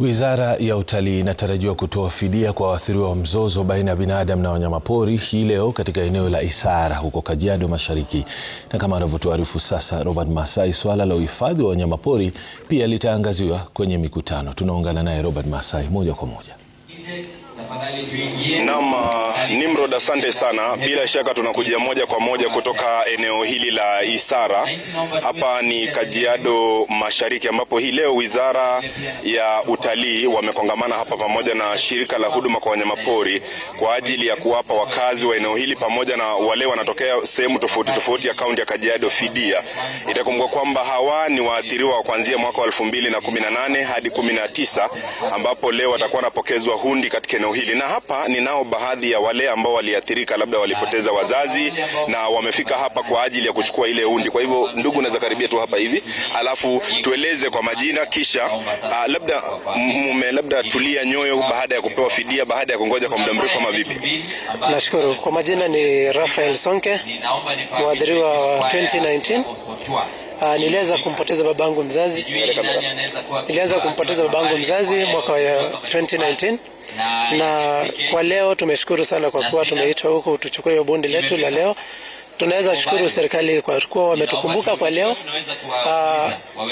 Wizara ya Utalii inatarajiwa kutoa fidia kwa waathiriwa wa mzozo baina ya binadamu na wanyamapori hii leo katika eneo la Isara huko Kajiado Mashariki. Na kama anavyotuarifu sasa Robert Masai, swala la uhifadhi wa wanyamapori pia litaangaziwa kwenye mikutano. Tunaungana naye Robert Masai moja kwa moja. Naam, uh, Nimrod, asante sana. Bila shaka tunakujia moja kwa moja kutoka eneo hili la Isara. Hapa ni Kajiado Mashariki, ambapo hii leo wizara ya utalii wamekongamana hapa pamoja na shirika la huduma kwa wanyamapori kwa ajili ya kuwapa wakazi wa eneo hili pamoja na wale wanatokea sehemu tofauti tofauti ya kaunti ya Kajiado fidia. Itakumbuka kwamba hawa ni waathiriwa wa kuanzia mwaka wa 2018 hadi 19 ambapo leo watakuwa wanapokezwa hundi katika eneo hili. Na hapa ninao baadhi ya wale ambao waliathirika, labda walipoteza wazazi na wamefika hapa kwa ajili ya kuchukua ile hundi. Kwa hivyo, ndugu, naweza karibia tu hapa hivi, alafu tueleze kwa majina, kisha a, ah, labda mume labda tulia nyoyo baada ya kupewa fidia, baada ya kungoja kwa muda mrefu ama vipi? Nashukuru. Kwa majina ni Rafael Sonke, mwadhiriwa wa 2019 Ah, nilianza kumpoteza babangu mzazi, nilianza kumpoteza babangu mzazi mwaka wa 2019 na kwa leo tumeshukuru sana kwa kuwa tumeitwa huku tuchukue hiyo letu la leo. Tunaweza shukuru serikali kwa kuwa wametukumbuka kwa leo. Aa, ah,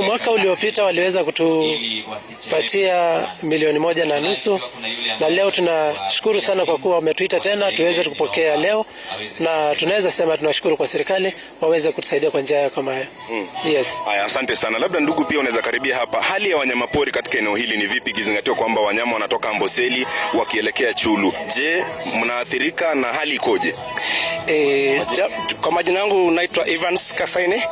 mwaka uliopita waliweza kutupatia milioni moja na nusu, na leo tunashukuru sana kwa kuwa wametuita tena tuweze kupokea leo, na tunaweza sema tunashukuru kwa serikali waweze kutusaidia kwa njia kama hiyo. Hmm. Yes. Haya, asante sana. Labda ndugu, pia unaweza karibia hapa, hali ya wanyamapori katika eneo hili ni vipi, ikizingatiwa kwamba wanyama wanatoka Amboseli wakielekea Chulu? Je, mnaathirika na hali ikoje? Eh, E, kwa majina yangu naitwa Evans Kasaine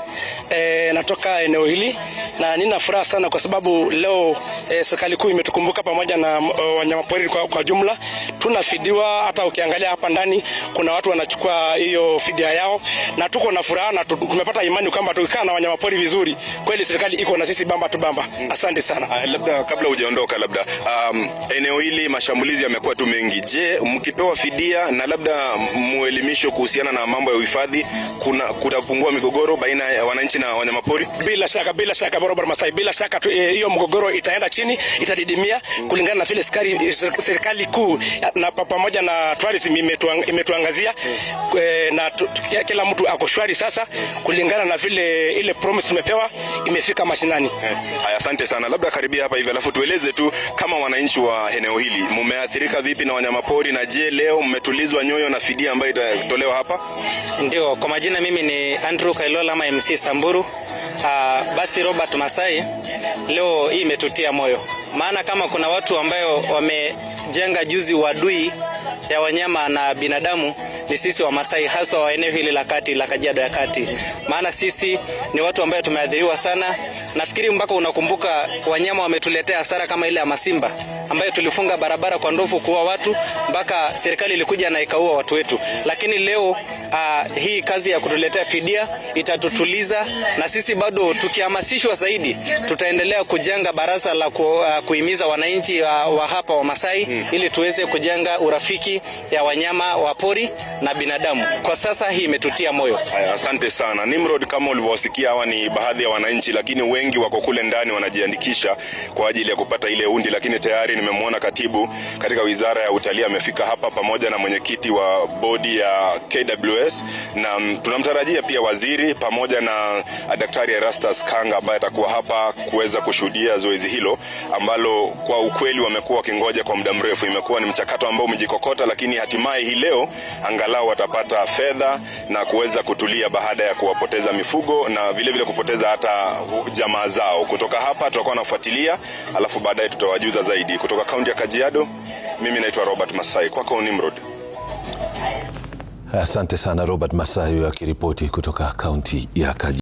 e, natoka eneo hili na nina furaha sana kwa sababu leo e, serikali kuu imetukumbuka pamoja na e, wanyamapori kwa, kwa jumla tunafidiwa. Hata ukiangalia hapa ndani kuna watu wanachukua hiyo fidia yao, na tuko na furaha na tumepata imani kwamba tukikaa na wanyamapori vizuri, kweli serikali iko na sisi bamba tu bamba. Asante sana. A, ah, labda kabla hujaondoka, labda um, eneo hili mashambulizi yamekuwa tu mengi. Je, mkipewa fidia na labda muelimisho kuhusiana na na mambo ya uhifadhi, kuna kutapungua migogoro baina ya wananchi na wanyamapori. Bila shaka, bila shaka barabara Masai, bila shaka eh, hiyo e, mgogoro itaenda chini, itadidimia kulingana na vile eh, serikali kuu na pamoja na tourism imetuang, imetuangazia e, na kila mtu ako shwari sasa, kulingana na vile ile promise tumepewa imefika mashinani. Eh, haya, asante sana. Labda karibia hapa hivi, alafu tueleze tu kama wananchi wa eneo hili mumeathirika vipi na wanyamapori, na je, leo mmetulizwa nyoyo na fidia ambayo itatolewa hapa? Ndio, kwa majina mimi ni Andrew Kailola ama MC Samburu. Aa, ah, basi Robert Masai, leo hii imetutia moyo, maana kama kuna watu ambayo wamejenga juzi wadui ya wanyama na binadamu ni sisi Wamasai, haswa wa eneo hili la kati la Kajiado ya Kati, maana sisi ni watu ambayo tumeathiriwa sana. Nafikiri mpaka unakumbuka wanyama wametuletea hasara kama ile ya masimba ambayo tulifunga barabara kwa ndovu kuua watu mpaka serikali ilikuja na ikaua watu wetu. Lakini leo uh, hii kazi ya kutuletea fidia itatutuliza, na sisi bado tukihamasishwa zaidi tutaendelea kujenga baraza la ku, uh, kuhimiza wananchi uh, wa hapa wa Masai hmm, ili tuweze kujenga urafiki ya wanyama wa pori na binadamu. Kwa sasa hii imetutia moyo. Asante sana Nimrod. Kama ulivyowasikia hawa ni baadhi ya wananchi, lakini wengi wako kule ndani wanajiandikisha kwa ajili ya kupata ile undi, lakini tayari nimemwona katibu katika wizara ya utalii amefika hapa pamoja na mwenyekiti wa bodi ya KWS na mm, tunamtarajia pia waziri pamoja na Daktari Erastus Kanga ambaye atakuwa hapa kuweza kushuhudia zoezi hilo ambalo kwa ukweli wamekuwa wakingoja kwa muda mrefu. Imekuwa ni mchakato ambao umejikokota, lakini hatimaye hii leo angalau watapata fedha na kuweza kutulia baada ya kuwapoteza mifugo na vilevile vile kupoteza hata jamaa zao. Kutoka hapa tutakuwa nafuatilia, alafu baadaye tutawajuza zaidi kutoka kaunti ya Kajiado. Mimi naitwa Robert Masai, kwako Nimrod. Asante sana Robert Masai akiripoti kutoka kaunti ya Kajiado.